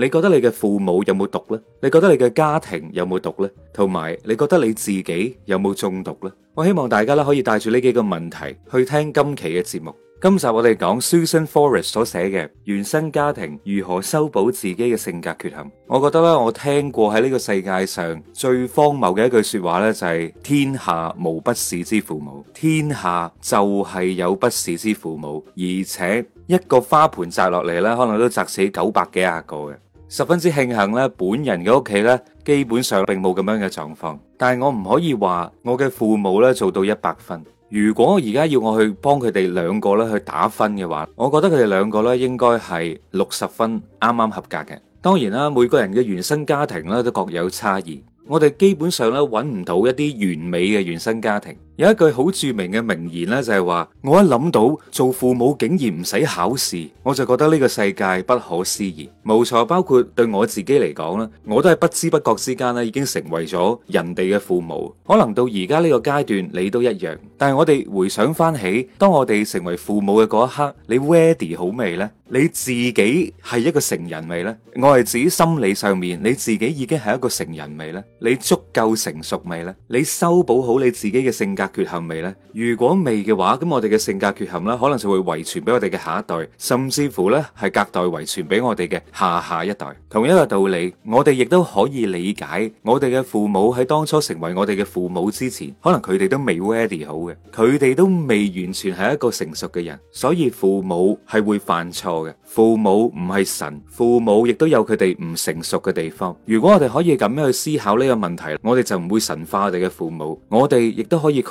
你覺得你嘅父母有冇毒呢？你覺得你嘅家庭有冇毒呢？同埋你覺得你自己有冇中毒呢？我希望大家咧可以帶住呢幾個問題去聽今期嘅節目。今集我哋講 Susan Forrest 所寫嘅《原生家庭如何修補自己嘅性格缺陷》。我覺得咧，我聽過喺呢個世界上最荒謬嘅一句說話咧，就係，就係天下無不是之父母，天下就係有不是之父母，而且一個花盆摘落嚟咧，可能都砸死九百幾廿個嘅。十分之慶幸咧，本人嘅屋企咧，基本上並冇咁樣嘅狀況。但係我唔可以話我嘅父母咧做到一百分。如果而家要我去幫佢哋兩個咧去打分嘅話，我覺得佢哋兩個咧應該係六十分啱啱合格嘅。當然啦，每個人嘅原生家庭咧都各有差異。我哋基本上咧揾唔到一啲完美嘅原生家庭。有一句好著名嘅名言咧，就係話我一諗到做父母竟然唔使考試，我就覺得呢個世界不可思議。冇錯，包括對我自己嚟講啦，我都係不知不覺之間咧已經成為咗人哋嘅父母。可能到而家呢個階段，你都一樣。但係我哋回想翻起，當我哋成為父母嘅嗰一刻，你 ready 好未咧？你自己係一個成人未咧？我係指心理上面，你自己已經係一個成人未咧？你足夠成熟未咧？你修補好你自己嘅性格缺陷未呢？如果未嘅話，咁我哋嘅性格缺陷咧，可能就會遺傳俾我哋嘅下一代，甚至乎呢係隔代遺傳俾我哋嘅下下一代。同一個道理，我哋亦都可以理解，我哋嘅父母喺當初成為我哋嘅父母之前，可能佢哋都未 ready 好嘅，佢哋都未完全係一個成熟嘅人，所以父母係會犯錯嘅。父母唔係神，父母亦都有佢哋唔成熟嘅地方。如果我哋可以咁樣去思考呢個問題，我哋就唔會神化我哋嘅父母，我哋亦都可以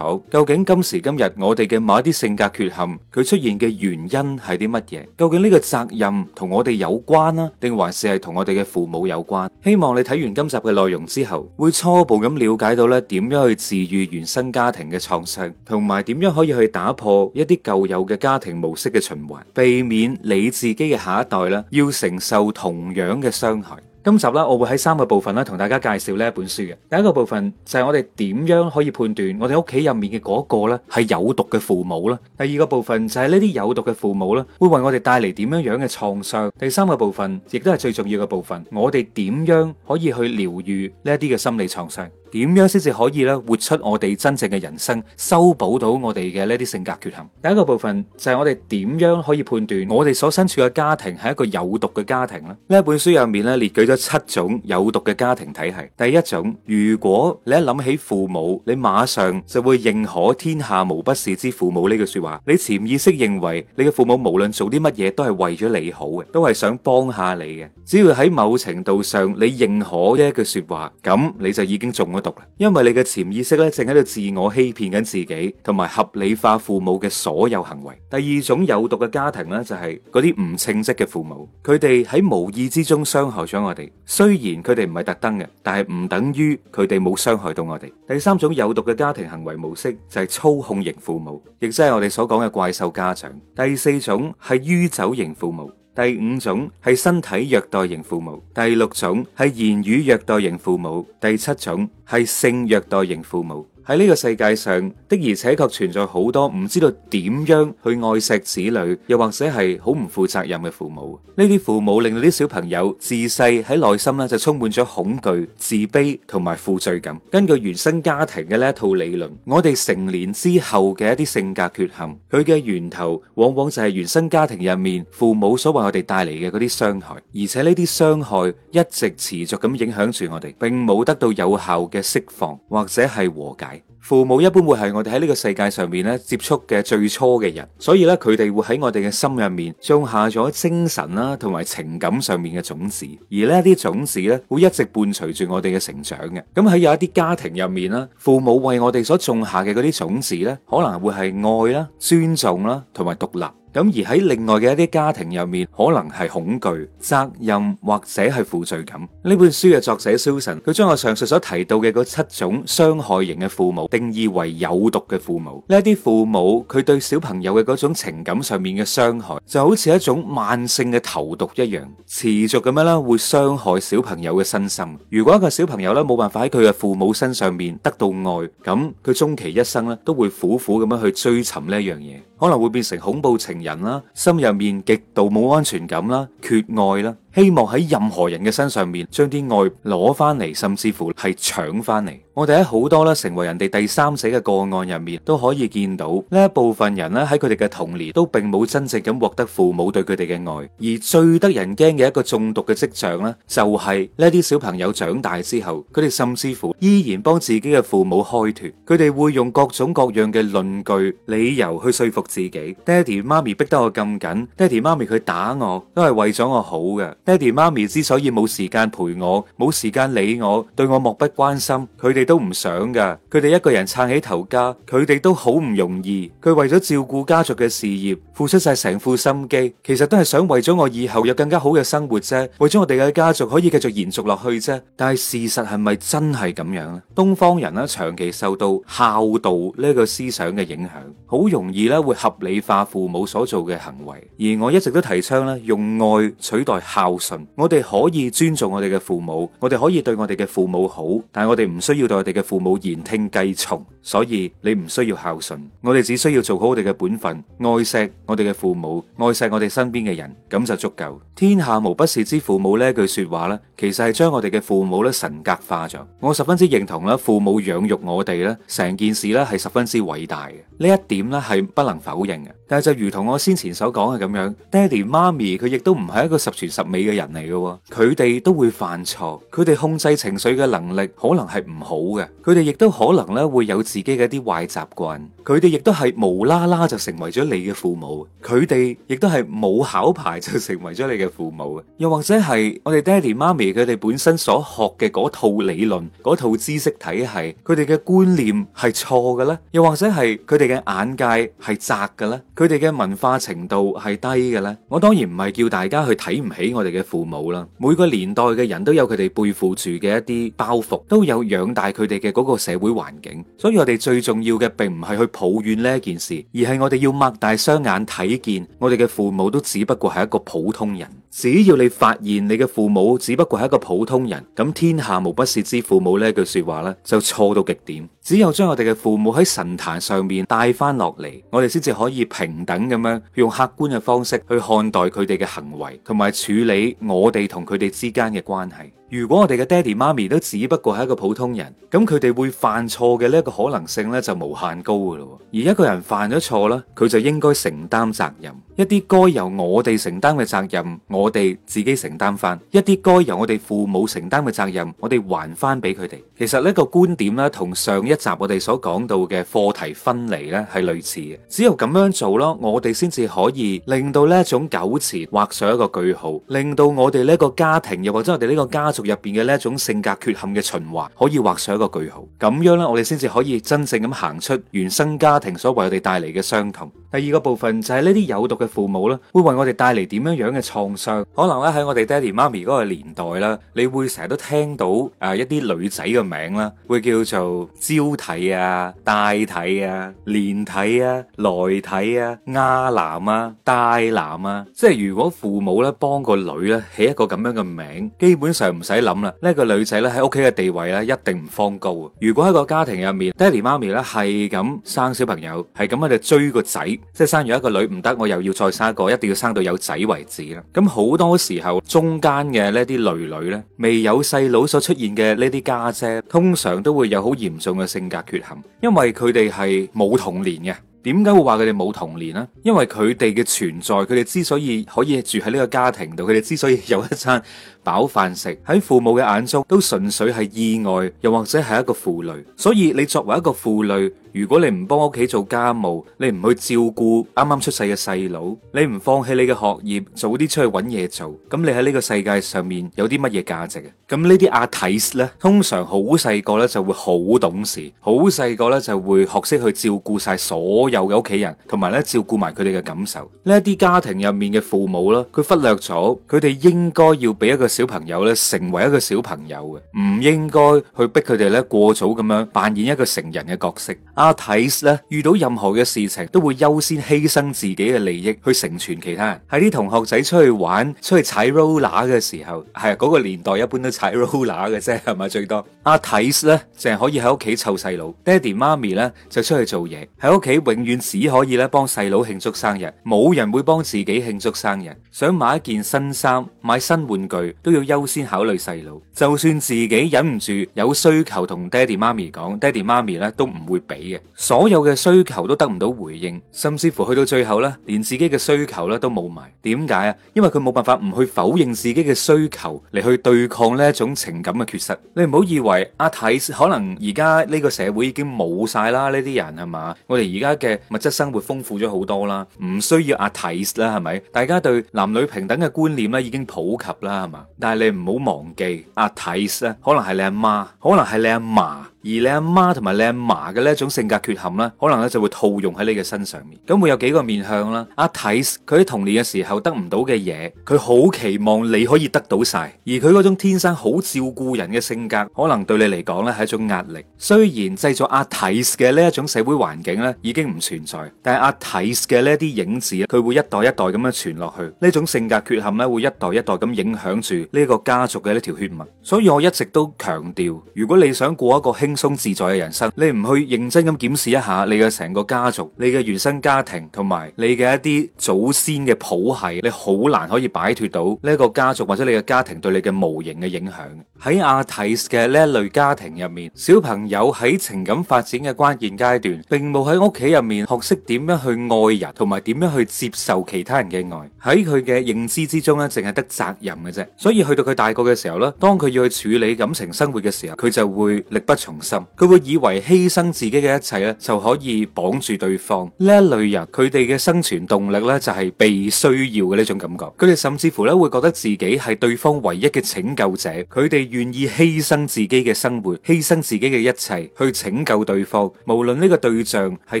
究竟今時今日我哋嘅某一啲性格缺陷,佢出現嘅原因係啲乜嘢?究竟呢個責任同我哋有關呢,定還是係同我哋嘅父母有關?希望你睇完今集嘅內容之後,會初步噉了解到呢點樣去治愈原生家庭嘅創傷,同埋點樣可以去打破一啲舊有嘅家庭模式嘅循環。避免你自己嘅下一代呢要承受同樣嘅傷害。今集啦，我會喺三個部分咧同大家介紹呢一本書嘅。第一個部分就係我哋點樣可以判斷我哋屋企入面嘅嗰個咧係有毒嘅父母啦。第二個部分就係呢啲有毒嘅父母咧會為我哋帶嚟點樣樣嘅創傷。第三個部分亦都係最重要嘅部分，我哋點樣可以去療癒呢一啲嘅心理創傷。點樣先至可以咧活出我哋真正嘅人生，修補到我哋嘅呢啲性格缺陷？第一個部分就係我哋點樣可以判斷我哋所身處嘅家庭係一個有毒嘅家庭呢？呢一本書入面咧列舉咗七種有毒嘅家庭體系。第一種，如果你一諗起父母，你馬上就會認可天下無不是之父母呢句說話。你潛意識認為你嘅父母無論做啲乜嘢都係為咗你好嘅，都係想幫下你嘅。只要喺某程度上你認可呢一句說話，咁你就已經中。因為你嘅潛意識咧，正喺度自我欺騙緊自己，同埋合理化父母嘅所有行為。第二種有毒嘅家庭呢，就係嗰啲唔稱職嘅父母，佢哋喺無意之中傷害咗我哋。雖然佢哋唔係特登嘅，但係唔等於佢哋冇傷害到我哋。第三種有毒嘅家庭行為模式就係操控型父母，亦即係我哋所講嘅怪獸家長。第四種係酗酒型父母。第五種係身體虐待型父母，第六種係言語虐待型父母，第七種係性虐待型父母。喺呢個世界上，的而且確存在好多唔知道點樣去愛錫子女，又或者係好唔負責任嘅父母。呢啲父母令到啲小朋友自細喺內心呢就充滿咗恐懼、自卑同埋負罪感。根據原生家庭嘅呢一套理論，我哋成年之後嘅一啲性格缺陷，佢嘅源頭往往就係原生家庭入面父母所為我哋帶嚟嘅嗰啲傷害，而且呢啲傷害一直持續咁影響住我哋，並冇得到有效嘅釋放或者係和解。父母一般會係我哋喺呢個世界上面咧接觸嘅最初嘅人，所以咧佢哋會喺我哋嘅心入面種下咗精神啦，同埋情感上面嘅種子。而呢啲種子咧，會一直伴隨住我哋嘅成長嘅。咁喺有一啲家庭入面啦，父母為我哋所種下嘅嗰啲種子咧，可能會係愛啦、尊重啦，同埋獨立。咁而喺另外嘅一啲家庭入面，可能係恐懼、責任或者係負罪感。呢本書嘅作者 Susan，佢將我上述所提到嘅七種傷害型嘅父母，定義為有毒嘅父母。呢一啲父母，佢對小朋友嘅嗰種情感上面嘅傷害，就好似一種慢性嘅投毒一樣，持續咁樣啦，會傷害小朋友嘅身心。如果一個小朋友咧冇辦法喺佢嘅父母身上面得到愛，咁佢終其一生咧都會苦苦咁樣去追尋呢一樣嘢，可能會變成恐怖情人。人啦，心入面極度冇安全感啦，缺愛啦。希望喺任何人嘅身上面將啲愛攞翻嚟，甚至乎係搶翻嚟。我哋喺好多咧成為人哋第三者嘅個案入面，都可以見到呢一部分人咧喺佢哋嘅童年都並冇真正咁獲得父母對佢哋嘅愛。而最得人驚嘅一個中毒嘅跡象呢就係呢啲小朋友長大之後，佢哋甚至乎依然幫自己嘅父母開脫。佢哋會用各種各樣嘅論據、理由去說服自己：「爹哋媽咪逼得我咁緊，爹哋媽咪佢打我都係為咗我好嘅。」爹哋媽咪之所以冇時間陪我，冇時間理我，對我漠不關心，佢哋都唔想㗎。佢哋一個人撐起頭家，佢哋都好唔容易。佢為咗照顧家族嘅事業，付出晒成副心機，其實都係想為咗我以後有更加好嘅生活啫，為咗我哋嘅家族可以繼續延續落去啫。但係事實係咪真係咁樣呢？東方人呢長期受到孝道呢個思想嘅影響，好容易咧會合理化父母所做嘅行為。而我一直都提倡咧用愛取代孝。我哋可以尊重我哋嘅父母，我哋可以對我哋嘅父母好，但係我哋唔需要對我哋嘅父母言聽計從。所以你唔需要孝順，我哋只需要做好我哋嘅本分，愛錫我哋嘅父母，愛錫我哋身邊嘅人，咁就足夠。天下無不是之父母呢句說話呢，其實係將我哋嘅父母呢神格化咗。我十分之認同啦，父母養育我哋呢成件事呢，係十分之偉大嘅，呢一點呢，係不能否認嘅。但係就如同我先前所講嘅咁樣，爹哋媽咪佢亦都唔係一個十全十美嘅人嚟嘅喎，佢哋都會犯錯，佢哋控制情緒嘅能力可能係唔好嘅，佢哋亦都可能咧會有自己嘅一啲壞習慣，佢哋亦都係無啦啦就成為咗你嘅父母，佢哋亦都係冇考牌就成為咗你嘅父母，又或者係我哋爹哋媽咪佢哋本身所學嘅嗰套理論、嗰套知識體系，佢哋嘅觀念係錯嘅咧，又或者係佢哋嘅眼界係窄嘅咧。佢哋嘅文化程度係低嘅咧，我當然唔係叫大家去睇唔起我哋嘅父母啦。每個年代嘅人都有佢哋背負住嘅一啲包袱，都有養大佢哋嘅嗰個社會環境。所以我哋最重要嘅並唔係去抱怨呢一件事，而係我哋要擘大雙眼睇見，我哋嘅父母都只不過係一個普通人。只要你發現你嘅父母只不過係一個普通人，咁天下無不是之父母呢句說話咧，就錯到極點。只有將我哋嘅父母喺神壇上面帶翻落嚟，我哋先至可以平。平等咁樣用客觀嘅方式去看待佢哋嘅行為，同埋處理我哋同佢哋之間嘅關係。如果我哋嘅爹哋媽咪都只不過係一個普通人，咁佢哋會犯錯嘅呢一個可能性咧就無限高嘅咯。而一個人犯咗錯啦，佢就應該承擔責任。一啲該由我哋承擔嘅責任，我哋自己承擔翻；一啲該由我哋父母承擔嘅責任，我哋還翻俾佢哋。其實呢個觀點咧，同上一集我哋所講到嘅課題分離咧係類似嘅。只有咁樣做咯，我哋先至可以令到呢一種糾纏畫上一個句號，令到我哋呢個家庭又或者我哋呢個家。入邊嘅呢一種性格缺陷嘅循環，可以畫上一個句號。咁樣咧，我哋先至可以真正咁行出原生家庭所為我哋帶嚟嘅傷痛。第二個部分就係呢啲有毒嘅父母咧，會為我哋帶嚟點樣樣嘅創傷。可能咧喺我哋爹哋媽咪嗰個年代啦，你會成日都聽到啊一啲女仔嘅名啦，會叫做焦體啊、帶體啊、連體啊、內體啊、亞男啊、大男啊。即係如果父母咧幫個女咧起一個咁樣嘅名，基本上唔唔使諗啦，呢個女仔咧喺屋企嘅地位咧一定唔放高。如果喺個家庭入面，爹哋媽咪咧係咁生小朋友，係咁喺度追個仔，即係生完一個女唔得，我又要再生一個，一定要生到有仔為止啦。咁好多時候中間嘅呢啲女女咧，未有細佬所出現嘅呢啲家姐，通常都會有好嚴重嘅性格缺陷，因為佢哋係冇童年嘅。點解會話佢哋冇童年咧？因為佢哋嘅存在，佢哋之所以可以住喺呢個家庭度，佢哋之所以有一餐。飽飯食，喺父母嘅眼中都純粹係意外，又或者係一個負累。所以你作為一個負累，如果你唔幫屋企做家務，你唔去照顧啱啱出世嘅細佬，你唔放棄你嘅學業，早啲出去搵嘢做，咁你喺呢個世界上面有啲乜嘢價值啊？咁呢啲阿體呢，通常好細個呢就會好懂事，好細個呢就會學識去照顧晒所有嘅屋企人，同埋呢照顧埋佢哋嘅感受。呢一啲家庭入面嘅父母呢，佢忽略咗佢哋應該要俾一個。小朋友咧，成為一個小朋友嘅，唔應該去逼佢哋咧過早咁樣扮演一個成人嘅角色。阿泰斯咧遇到任何嘅事情，都會優先犧牲自己嘅利益去成全其他人。喺啲同學仔出去玩、出去踩 roller 嘅時候，係嗰、嗰個年代一般都踩 roller 嘅啫，係咪最多？阿泰斯咧淨係可以喺屋企湊細佬，爹哋媽咪咧就出去做嘢，喺屋企永遠只可以咧幫細佬慶祝生日，冇人會幫自己慶祝生日。想買一件新衫、買新玩具，都要優先考慮細路，就算自己忍唔住有需求同爹地媽咪講，爹地媽咪咧都唔會俾嘅。所有嘅需求都得唔到回應，甚至乎去到最後咧，連自己嘅需求咧都冇埋。點解啊？因為佢冇辦法唔去否認自己嘅需求嚟，去對抗呢一種情感嘅缺失。你唔好以為阿泰可能而家呢個社會已經冇晒啦，呢啲人係嘛？我哋而家嘅物質生活豐富咗好多啦，唔需要阿泰啦，係咪？大家對男女平等嘅觀念咧已經普及啦，係嘛？但係你唔好忘記阿太可能係你阿媽，媽可能係你阿嫲。而你阿媽同埋你阿嫲嘅呢一種性格缺陷咧，可能咧就會套用喺你嘅身上面。咁會有幾個面向啦。阿、啊、提佢喺童年嘅時候得唔到嘅嘢，佢好期望你可以得到晒。而佢嗰種天生好照顧人嘅性格，可能對你嚟講咧係一種壓力。雖然製造阿提嘅呢一種社會環境咧已經唔存在，但係阿、啊、提嘅呢啲影子，佢會一代一代咁樣傳落去。呢種性格缺陷咧會一代一代咁影響住呢個家族嘅呢條血脈。所以我一直都強調，如果你想過一個輕鬆自在嘅人生，你唔去認真咁檢視一下你嘅成個家族、你嘅原生家庭同埋你嘅一啲祖先嘅譜系，你好難可以擺脫到呢個家族或者你嘅家庭對你嘅無形嘅影響。喺阿提斯嘅呢一類家庭入面，小朋友喺情感發展嘅關鍵階段，並冇喺屋企入面學識點樣去愛人，同埋點樣去接受其他人嘅愛。喺佢嘅認知之中咧，淨係得責任嘅啫。所以去到佢大個嘅時候咧，當佢要去處理感情生活嘅時候，佢就會力不從。佢會以為犧牲自己嘅一切咧，就可以綁住對方。呢一類人，佢哋嘅生存動力咧，就係被需要嘅呢種感覺。佢哋甚至乎咧，會覺得自己係對方唯一嘅拯救者。佢哋願意犧牲自己嘅生活，犧牲自己嘅一切，去拯救對方。無論呢個對象係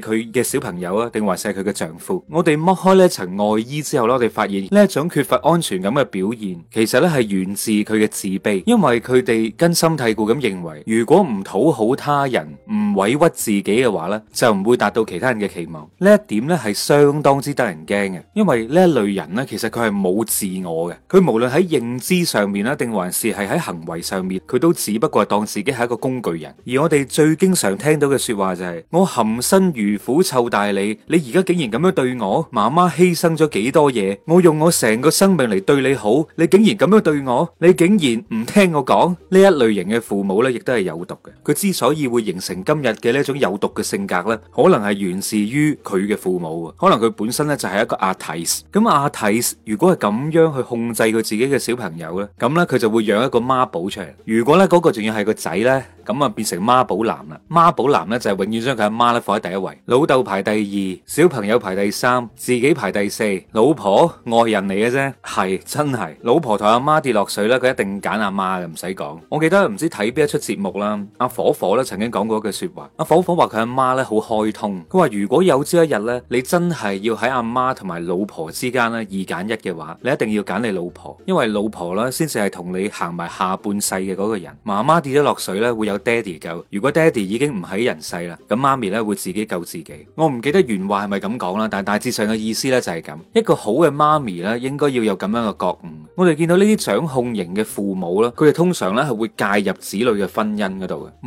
佢嘅小朋友啊，定還是係佢嘅丈夫。我哋剝開呢一層外衣之後咧，我哋發現呢一種缺乏安全感嘅表現，其實咧係源自佢嘅自卑，因為佢哋根深蒂固咁認為，如果唔討好他人，唔委屈自己嘅話呢，就唔會達到其他人嘅期望。呢一點呢，係相當之得人驚嘅，因為呢一類人呢，其實佢係冇自我嘅。佢無論喺認知上面啦，定還是係喺行為上面，佢都只不過係當自己係一個工具人。而我哋最經常聽到嘅說話就係：我含辛茹苦湊大你，你而家竟然咁樣對我。媽媽犧牲咗幾多嘢，我用我成個生命嚟對你好，你竟然咁樣對我，你竟然唔聽我講。呢一類型嘅父母呢，亦都係有毒嘅。之所以會形成今日嘅呢一種有毒嘅性格呢，可能係源自於佢嘅父母。可能佢本身呢就係、是、一個阿提斯。咁阿提斯如果係咁樣去控制佢自己嘅小朋友呢咁呢，佢就會養一個媽寶出嚟。如果呢嗰、那個仲要係個仔呢，咁啊變成媽寶男啦。媽寶男呢，就係、是、永遠將佢阿媽咧放喺第一位，老豆排第二，小朋友排第三，自己排第四，老婆，外人嚟嘅啫。係真係老婆同阿媽跌落水啦，佢一定揀阿媽嘅，唔使講。我記得唔知睇邊一出節目啦，阿、啊火火曾經講過一句說話，阿火火話佢阿媽咧好開通，佢話如果有朝一日咧，你真係要喺阿媽同埋老婆之間咧二揀一嘅話，你一定要揀你老婆，因為老婆咧先至係同你行埋下半世嘅嗰個人。媽媽跌咗落水咧會有爹哋救，如果爹哋已經唔喺人世啦，咁媽咪咧會自己救自己。我唔記得原話係咪咁講啦，但大致上嘅意思咧就係咁。一個好嘅媽咪咧應該要有咁樣嘅覺悟。我哋見到呢啲掌控型嘅父母咧，佢哋通常咧係會介入子女嘅婚姻嗰度嘅。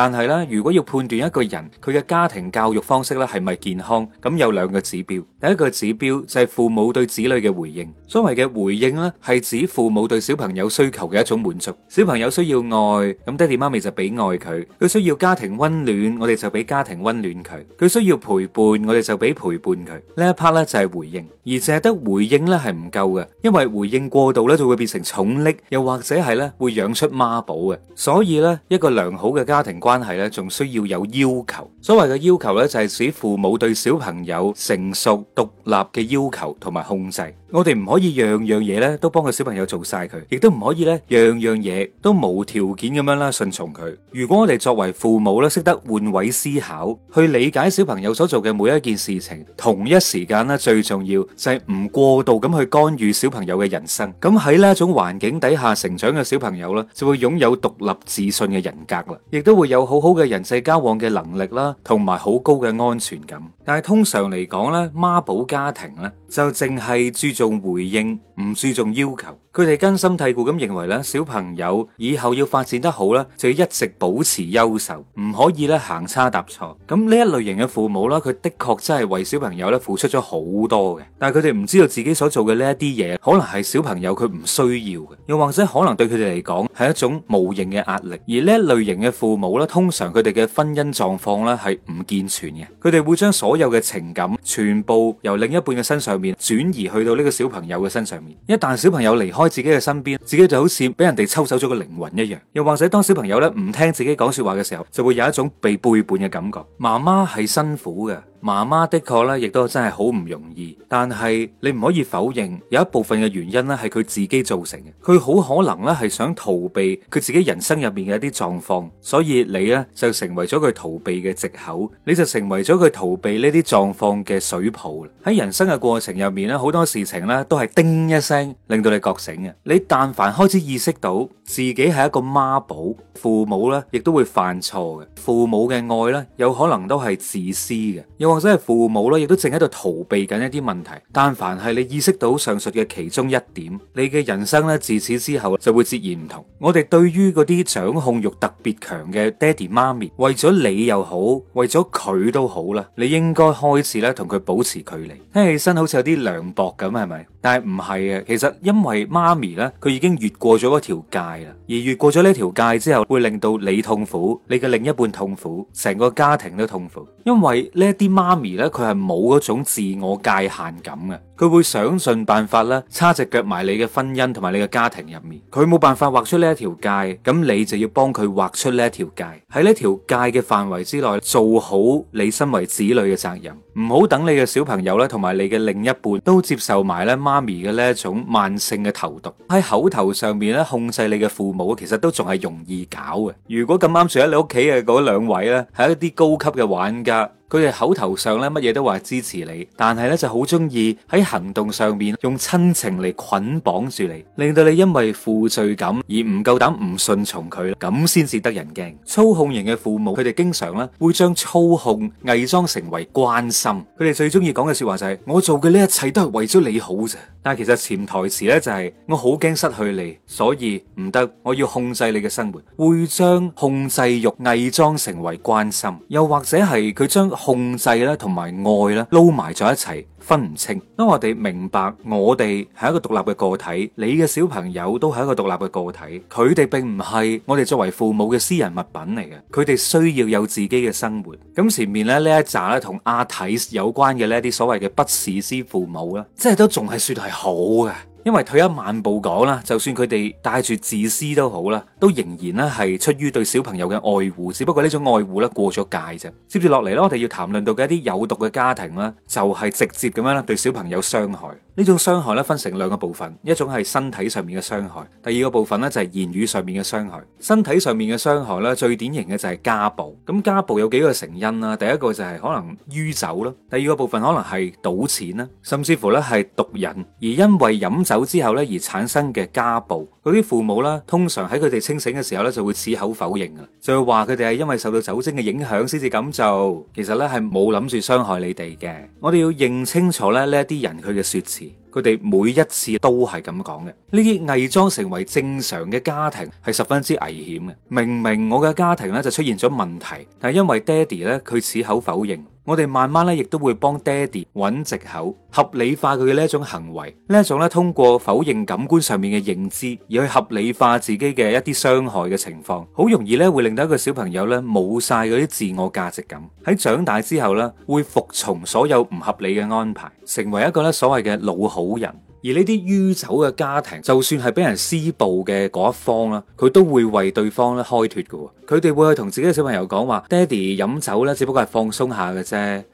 但係咧，如果要判斷一個人佢嘅家庭教育方式咧係咪健康，咁有兩個指標。第一個指標就係父母對子女嘅回應。所謂嘅回應呢係指父母對小朋友需求嘅一種滿足。小朋友需要愛，咁爹地媽咪就俾愛佢；佢需要家庭溫暖，我哋就俾家庭溫暖佢；佢需要陪伴，我哋就俾陪伴佢。一呢一 part 咧就係、是、回應，而淨係得回應咧係唔夠嘅，因為回應過度咧就會變成寵溺，又或者係咧會養出媽寶嘅。所以咧，一個良好嘅家庭。關係咧，仲需要有要求。所謂嘅要求咧，就係指父母對小朋友成熟獨立嘅要求同埋控制。我哋唔可以樣樣嘢咧都幫個小朋友做晒佢，亦都唔可以咧樣樣嘢都無條件咁樣啦順從佢。如果我哋作為父母咧，識得換位思考，去理解小朋友所做嘅每一件事情，同一時間咧，最重要就係唔過度咁去干預小朋友嘅人生。咁喺呢一種環境底下成長嘅小朋友咧，就會擁有獨立自信嘅人格啦，亦都會有好好嘅人際交往嘅能力啦，同埋好高嘅安全感。但係通常嚟講咧，媽寶家庭咧。就淨係注重回應，唔注重要求。佢哋根深蒂固咁認為咧，小朋友以後要發展得好咧，就要一直保持優秀，唔可以咧行差踏錯。咁呢一類型嘅父母啦，佢的確真係為小朋友咧付出咗好多嘅。但係佢哋唔知道自己所做嘅呢一啲嘢，可能係小朋友佢唔需要嘅，又或者可能對佢哋嚟講係一種無形嘅壓力。而呢一類型嘅父母咧，通常佢哋嘅婚姻狀況咧係唔健全嘅，佢哋會將所有嘅情感全部由另一半嘅身上面轉移去到呢個小朋友嘅身上面。一旦小朋友離開，自己嘅身邊，自己就好似俾人哋抽走咗個靈魂一樣，又或者當小朋友呢唔聽自己講說話嘅時候，就會有一種被背叛嘅感覺。媽媽係辛苦嘅。媽媽的確咧，亦都真係好唔容易。但係你唔可以否認，有一部分嘅原因咧係佢自己造成嘅。佢好可能咧係想逃避佢自己人生入面嘅一啲狀況，所以你咧就成為咗佢逃避嘅藉口，你就成為咗佢逃避呢啲狀況嘅水泡啦。喺人生嘅過程入面咧，好多事情咧都係叮一聲令到你覺醒嘅。你但凡開始意識到自己係一個媽寶，父母咧亦都會犯錯嘅，父母嘅愛咧有可能都係自私嘅。或者係父母啦，亦都正喺度逃避緊一啲問題。但凡係你意識到上述嘅其中一點，你嘅人生咧自此之後就會截然唔同。我哋對於嗰啲掌控欲特別強嘅爹哋媽咪，為咗你又好，為咗佢都好啦，你應該開始咧同佢保持距離。聽起身好似有啲涼薄咁，係咪？但係唔係啊？其實因為媽咪咧，佢已經越過咗一條界啦。而越過咗呢一條界之後，會令到你痛苦，你嘅另一半痛苦，成個家庭都痛苦。因為呢一啲。媽咪呢，佢係冇嗰種自我界限感嘅，佢會想盡辦法咧，叉隻腳埋你嘅婚姻同埋你嘅家庭入面。佢冇辦法畫出呢一條界，咁你就要幫佢畫出呢一條界。喺呢條界嘅範圍之內，做好你身為子女嘅責任，唔好等你嘅小朋友咧，同埋你嘅另一半都接受埋咧媽咪嘅呢一種慢性嘅投毒。喺口頭上面咧控制你嘅父母，其實都仲係容易搞嘅。如果咁啱，住喺你屋企嘅嗰兩位呢，係一啲高級嘅玩家。佢哋口頭上咧乜嘢都話支持你，但係咧就好中意喺行動上面用親情嚟捆綁住你，令到你因為負罪感而唔夠膽唔順從佢，咁先至得人驚。操控型嘅父母，佢哋經常咧會將操控偽裝成為關心。佢哋最中意講嘅說話就係：我做嘅呢一切都係為咗你好啫。但係其實潛台詞咧就係：我好驚失去你，所以唔得，我要控制你嘅生活。會將控制欲偽裝成為關心，又或者係佢將。控制啦，同埋愛啦，撈埋咗一齊，分唔清。當我哋明白我哋係一個獨立嘅個體，你嘅小朋友都係一個獨立嘅個體，佢哋並唔係我哋作為父母嘅私人物品嚟嘅，佢哋需要有自己嘅生活。咁前面咧呢一紮咧同阿體有關嘅呢啲所謂嘅不慈之父母啦，即係都仲係算係好嘅，因為退一萬步講啦，就算佢哋帶住自私都好啦。都仍然咧，係出於對小朋友嘅愛護，只不過呢種愛護咧過咗界啫。接住落嚟咧，我哋要談論到嘅一啲有毒嘅家庭咧，就係直接咁樣咧對小朋友傷害。呢種傷害呢，分成兩個部分，一種係身體上面嘅傷害，第二個部分呢，就係言語上面嘅傷害。身體上面嘅傷害呢，最典型嘅就係家暴。咁家暴有幾個成因啦？第一個就係可能酗酒啦，第二個部分可能係賭錢啦，甚至乎呢，係毒癮。而因為飲酒之後呢，而產生嘅家暴，嗰啲父母咧通常喺佢哋清醒嘅時候咧，就會矢口否認啊，就會話佢哋係因為受到酒精嘅影響，先至咁做。其實咧係冇諗住傷害你哋嘅。我哋要認清楚咧呢一啲人佢嘅說辭，佢哋每一次都係咁講嘅。呢啲偽裝成為正常嘅家庭係十分之危險嘅。明明我嘅家庭咧就出現咗問題，但係因為爹哋咧佢矢口否認。我哋慢慢咧，亦都會幫爹哋揾藉口，合理化佢嘅呢一種行為，呢一種咧通過否認感官上面嘅認知，而去合理化自己嘅一啲傷害嘅情況，好容易咧會令到一個小朋友咧冇晒嗰啲自我價值感，喺長大之後咧會服從所有唔合理嘅安排，成為一個咧所謂嘅老好人。而呢啲酗酒嘅家庭，就算係俾人施暴嘅嗰一方啦，佢都會為對方咧開脫嘅。佢哋會去同自己嘅小朋友講話：爹哋飲酒呢只不過係放鬆下嘅啫。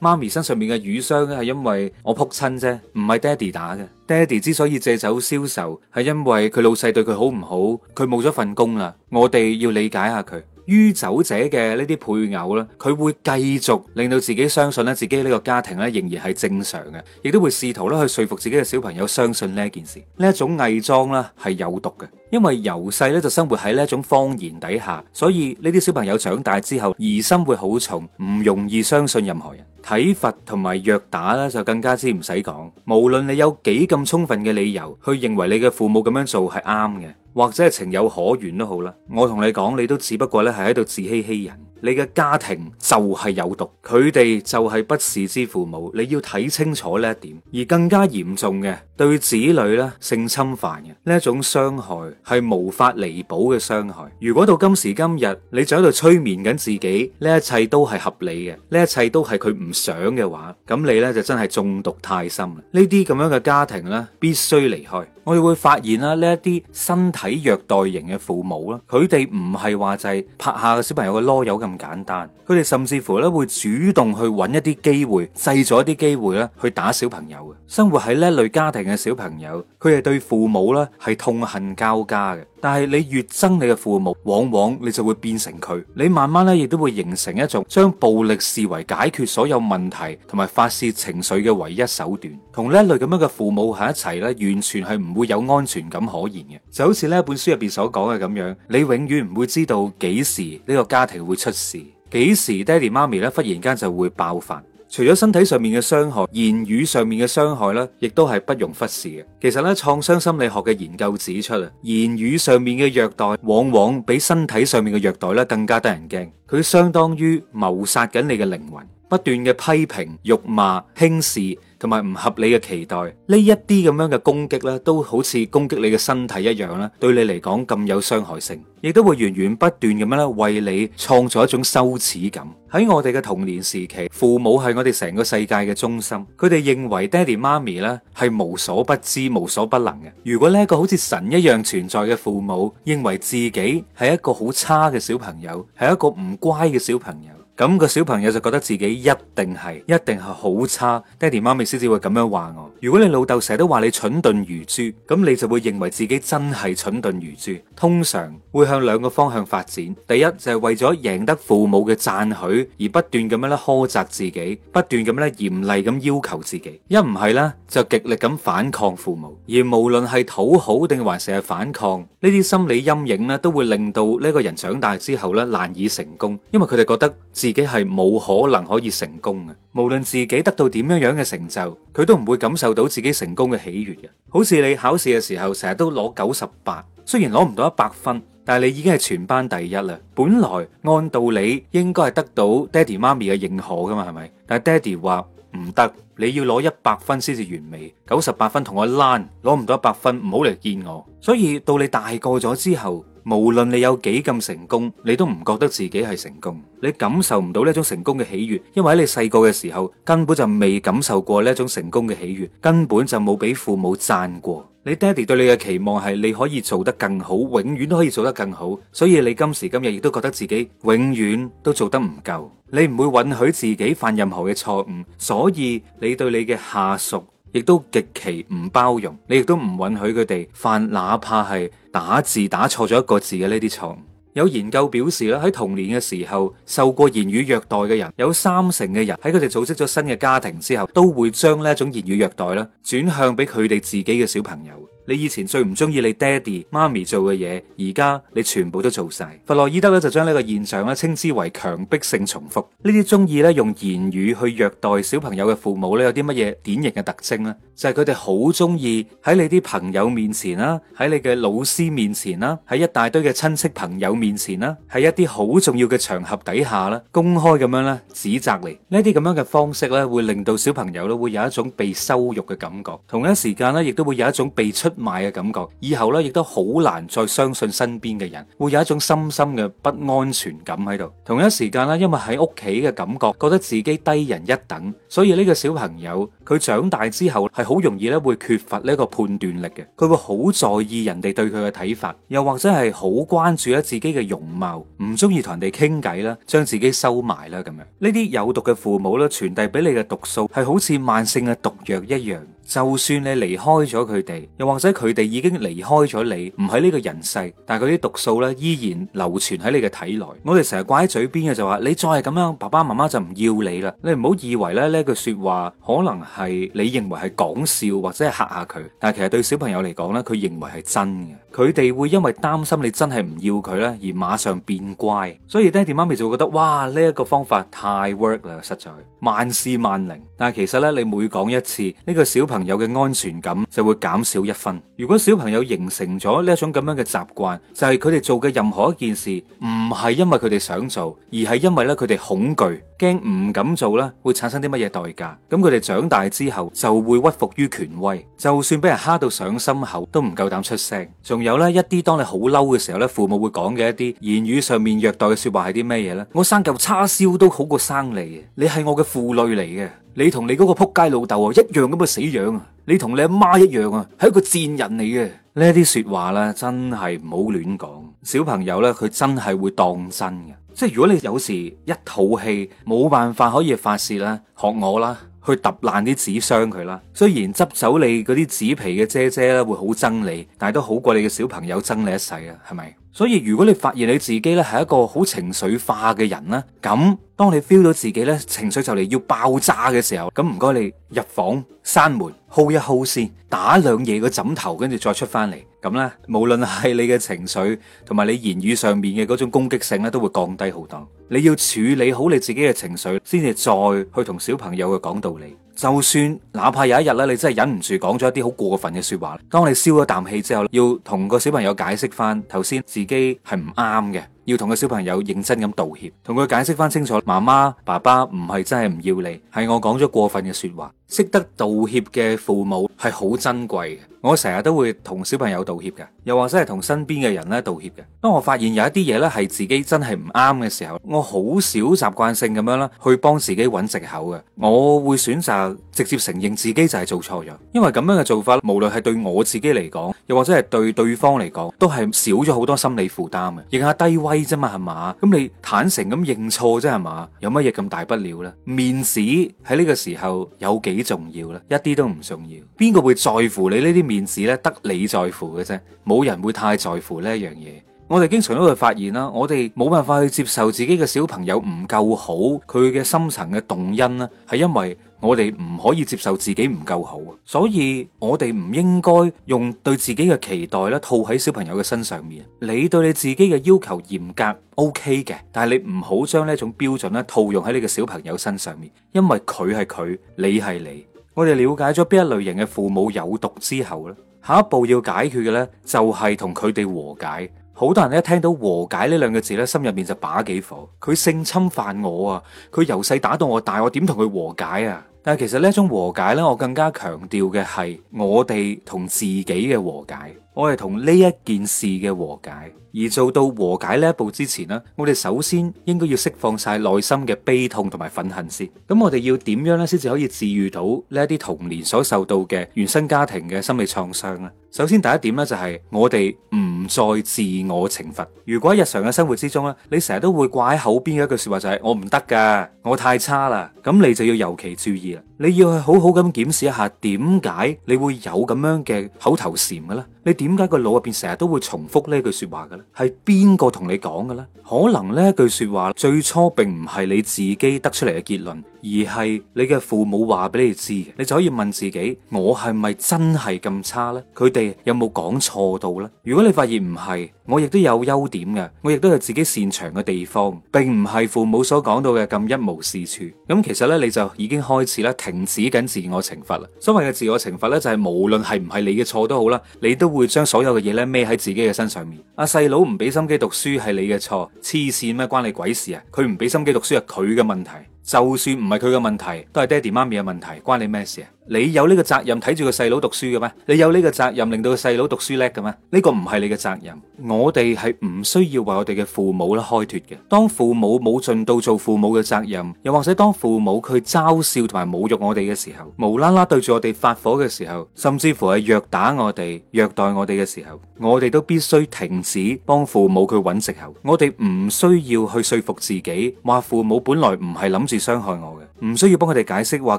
媽 咪身上面嘅瘀傷咧，係因為我扑親啫，唔係爹哋打嘅。爹哋之所以借酒消愁，係因為佢老細對佢好唔好，佢冇咗份工啦。我哋要理解下佢。酗酒者嘅呢啲配偶咧，佢會繼續令到自己相信咧，自己呢個家庭咧仍然係正常嘅，亦都會試圖咧去說服自己嘅小朋友相信呢一件事。呢一種偽裝咧係有毒嘅，因為由細咧就生活喺呢一種謊言底下，所以呢啲小朋友長大之後疑心會好重，唔容易相信任何人。體罰同埋虐打咧，就更加之唔使講。無論你有幾咁充分嘅理由，去認為你嘅父母咁樣做係啱嘅，或者係情有可原都好啦，我同你講，你都只不過咧係喺度自欺欺人。你嘅家庭就係有毒，佢哋就係不是之父母，你要睇清楚呢一點。而更加嚴重嘅，對子女呢，性侵犯嘅呢一種傷害係無法彌補嘅傷害。如果到今時今日，你就喺度催眠緊自己，呢一切都係合理嘅，呢一切都係佢唔想嘅話，咁你呢就真係中毒太深。呢啲咁樣嘅家庭呢，必須離開。我哋會發現啦、啊，呢一啲身體虐待型嘅父母啦，佢哋唔係話就係拍下個小朋友嘅囉柚咁。簡單，佢哋甚至乎咧會主動去揾一啲機會，製造一啲機會咧去打小朋友嘅。生活喺呢一類家庭嘅小朋友，佢哋對父母咧係痛恨交加嘅。但係你越憎你嘅父母，往往你就會變成佢。你慢慢咧亦都會形成一種將暴力視為解決所有問題同埋發洩情緒嘅唯一手段。同呢一類咁樣嘅父母喺一齊咧，完全係唔會有安全感可言嘅。就好似呢一本書入邊所講嘅咁樣，你永遠唔會知道幾時呢個家庭會出事，幾時爹哋媽咪咧忽然間就會爆發。除咗身體上面嘅傷害，言語上面嘅傷害咧，亦都係不容忽視嘅。其實咧，創傷心理學嘅研究指出啊，言語上面嘅虐待往往比身體上面嘅虐待咧更加得人驚。佢相當於謀殺緊你嘅靈魂，不斷嘅批評、辱罵、輕視，同埋唔合理嘅期待，呢一啲咁樣嘅攻擊咧，都好似攻擊你嘅身體一樣啦，對你嚟講咁有傷害性，亦都會源源不斷咁樣咧，為你創造一種羞恥感。喺我哋嘅童年時期，父母係我哋成個世界嘅中心，佢哋認為爹哋媽咪咧係無所不知、無所不能嘅。如果呢一個好似神一樣存在嘅父母，認為自己係一個好差嘅小朋友，係一個唔乖嘅小朋友。咁個小朋友就覺得自己一定係，一定係好差。爹地媽咪先至會咁樣話我。如果你老豆成日都話你蠢鈍如豬，咁你就會認為自己真係蠢鈍如豬。通常會向兩個方向發展。第一就係為咗贏得父母嘅讚許而不斷咁樣咧苛責自己，不斷咁咧嚴厲咁要求自己。一唔係咧就極力咁反抗父母。而無論係討好定還是係反抗，呢啲心理陰影咧都會令到呢個人長大之後咧難以成功，因為佢哋覺得。自己係冇可能可以成功嘅，無論自己得到點樣樣嘅成就，佢都唔會感受到自己成功嘅喜悦嘅。好似你考試嘅時候，成日都攞九十八，雖然攞唔到一百分，但係你已經係全班第一啦。本來按道理應該係得到爹哋媽咪嘅認可噶嘛，係咪？但係爹哋話唔得，你要攞一百分先至完美，九十八分同我爛，攞唔到一百分唔好嚟見我。所以到你大個咗之後。無論你有幾咁成功，你都唔覺得自己係成功，你感受唔到呢種成功嘅喜悅，因為喺你細個嘅時候根本就未感受過呢種成功嘅喜悅，根本就冇俾父母讚過。你爹哋對你嘅期望係你可以做得更好，永遠都可以做得更好，所以你今時今日亦都覺得自己永遠都做得唔夠，你唔會允許自己犯任何嘅錯誤，所以你對你嘅下屬。亦都極其唔包容，你亦都唔允許佢哋犯，哪怕係打字打錯咗一個字嘅呢啲錯誤。有研究表示咧，喺童年嘅時候受過言語虐待嘅人，有三成嘅人喺佢哋組織咗新嘅家庭之後，都會將呢一種言語虐待咧轉向俾佢哋自己嘅小朋友。你以前最唔中意你爹地媽咪做嘅嘢，而家你全部都做晒。弗洛伊德咧就將呢個現象咧稱之為強迫性重複。呢啲中意咧用言語去虐待小朋友嘅父母咧，有啲乜嘢典型嘅特徵呢？就係佢哋好中意喺你啲朋友面前啦，喺你嘅老師面前啦，喺一大堆嘅親戚朋友面前啦，喺一啲好重要嘅場合底下啦，公開咁樣咧指責你。呢啲咁樣嘅方式咧，會令到小朋友咧會有一種被羞辱嘅感覺，同一時間咧亦都會有一種被出賣嘅感覺，以後咧亦都好難再相信身邊嘅人，會有一種深深嘅不安全感喺度。同一時間咧，因為喺屋企嘅感覺，覺得自己低人一等，所以呢個小朋友佢長大之後係好容易咧會缺乏呢個判斷力嘅。佢會好在意人哋對佢嘅睇法，又或者係好關注咗自己嘅容貌，唔中意同人哋傾偈啦，將自己收埋啦咁樣。呢啲有毒嘅父母咧，傳遞俾你嘅毒素係好似慢性嘅毒藥一樣。就算你離開咗佢哋，又或者佢哋已經離開咗你，唔喺呢個人世，但係佢啲毒素咧依然流傳喺你嘅體內。我哋成日掛喺嘴邊嘅就話，你再係咁樣，爸爸媽媽就唔要你啦。你唔好以為咧呢句説話可能係你認為係講笑或者係嚇下佢，但係其實對小朋友嚟講咧，佢認為係真嘅。佢哋會因為擔心你真係唔要佢咧，而馬上變乖。所以爹哋媽咪就會覺得哇，呢一個方法太 work 啦，實在萬試萬靈。但係其實咧，你每講一次呢個小，朋友嘅安全感就會減少一分。如果小朋友形成咗呢一種咁樣嘅習慣，就係佢哋做嘅任何一件事唔係因為佢哋想做，而係因為咧佢哋恐懼，驚唔敢做咧會產生啲乜嘢代價？咁佢哋長大之後就會屈服於權威，就算俾人蝦到上心口都唔夠膽出聲。仲有咧一啲當你好嬲嘅時候咧，父母會講嘅一啲言語上面虐待嘅説話係啲咩嘢咧？我生嚿叉燒都好過生你，你係我嘅負累嚟嘅。你同你嗰個撲街老豆啊，一樣咁嘅死樣啊！你同你阿媽一樣啊，係一個賤人嚟嘅。呢啲說話啦，真係唔好亂講。小朋友咧，佢真係會當真嘅，即係如果你有時一肚氣冇辦法可以發泄啦，學我啦。去揼爛啲紙箱佢啦，雖然執走你嗰啲紙皮嘅姐姐咧會好憎你，但係都好過你嘅小朋友憎你一世啊，係咪？所以如果你發現你自己咧係一個好情緒化嘅人啦，咁當你 feel 到自己咧情緒就嚟要爆炸嘅時候，咁唔該你入房閂門，hold 一 hold 先，打兩嘢個枕頭，跟住再出翻嚟。咁咧，無論係你嘅情緒同埋你言語上面嘅嗰種攻擊性咧，都會降低好多。你要處理好你自己嘅情緒，先至再去同小朋友去講道理。就算哪怕有一日咧，你真係忍唔住講咗一啲好過分嘅說話，當你消咗啖氣之後，要同個小朋友解釋翻頭先自己係唔啱嘅。要同個小朋友認真咁道歉，同佢解釋翻清楚，媽媽、爸爸唔係真係唔要你，係我講咗過分嘅說話。識得道歉嘅父母係好珍貴嘅。我成日都會同小朋友道歉嘅，又或者係同身邊嘅人咧道歉嘅。當我發現有一啲嘢咧係自己真係唔啱嘅時候，我好少習慣性咁樣啦去幫自己揾藉口嘅，我會選擇直接承認自己就係做錯咗，因為咁樣嘅做法，無論係對我自己嚟講，又或者係對對方嚟講，都係少咗好多心理負擔嘅，亦啊低低啫嘛，係嘛？咁 你坦誠咁認錯啫，係嘛？有乜嘢咁大不了呢？面子喺呢個時候有幾重要呢？一啲都唔重要。邊個會在乎你呢啲面子呢？得你在乎嘅啫，冇人會太在乎呢一樣嘢。我哋經常都會發現啦，我哋冇辦法去接受自己嘅小朋友唔夠好，佢嘅深層嘅動因呢，係因為。我哋唔可以接受自己唔夠好，所以我哋唔應該用對自己嘅期待咧套喺小朋友嘅身上面。你對你自己嘅要求嚴格，OK 嘅，但係你唔好將呢一種標準咧套用喺你嘅小朋友身上面，因為佢係佢，你係你。我哋了解咗邊一類型嘅父母有毒之後咧，下一步要解決嘅咧就係同佢哋和解。好多人一聽到和解呢兩個字咧，心入面就把幾火。佢性侵犯我啊，佢由細打到我大，我點同佢和解啊？但其實呢一種和解咧，我更加強調嘅係我哋同自己嘅和解，我係同呢一件事嘅和解。而做到和解呢一步之前呢，我哋首先應該要釋放晒內心嘅悲痛同埋憤恨先。咁我哋要點樣呢？先至可以治癒到呢一啲童年所受到嘅原生家庭嘅心理創傷咧？首先第一點咧，就係我哋唔再自我懲罰。如果喺日常嘅生活之中咧，你成日都會掛喺口邊嘅一句說話就係：「我唔得㗎，我太差啦，咁你就要尤其注意啦。你要去好好咁檢視一下，點解你會有咁樣嘅口頭禪嘅咧？你點解個腦入邊成日都會重複呢句說話嘅咧？係邊個同你講嘅咧？可能呢句說話最初並唔係你自己得出嚟嘅結論，而係你嘅父母話俾你知。你就可以問自己：我係咪真係咁差咧？佢哋有冇講錯到咧？如果你發現唔係，我亦都有優點嘅，我亦都有自己擅長嘅地方，並唔係父母所講到嘅咁一無是處。咁其實呢，你就已經開始咧停止緊自我懲罰啦。所謂嘅自我懲罰呢，就係無論係唔係你嘅錯都好啦，你都會將所有嘅嘢呢孭喺自己嘅身上面。阿細佬唔俾心機讀書係你嘅錯，黐線咩，關你鬼事啊？佢唔俾心機讀書係佢嘅問題。就算唔係佢嘅問題，都係爹哋媽咪嘅問題，關你咩事啊？你有呢個責任睇住個細佬讀書嘅咩？你有呢個責任令到個細佬讀書叻嘅咩？呢個唔係你嘅責任，我哋係唔需要為我哋嘅父母咧開脫嘅。當父母冇盡到做父母嘅責任，又或者當父母佢嘲笑同埋侮辱我哋嘅時候，無啦啦對住我哋發火嘅時候，甚至乎係虐打我哋、虐待我哋嘅時候，我哋都必須停止幫父母去揾借口。我哋唔需要去說服自己，話父母本來唔係諗。傷害我嘅，唔需要幫佢哋解釋，話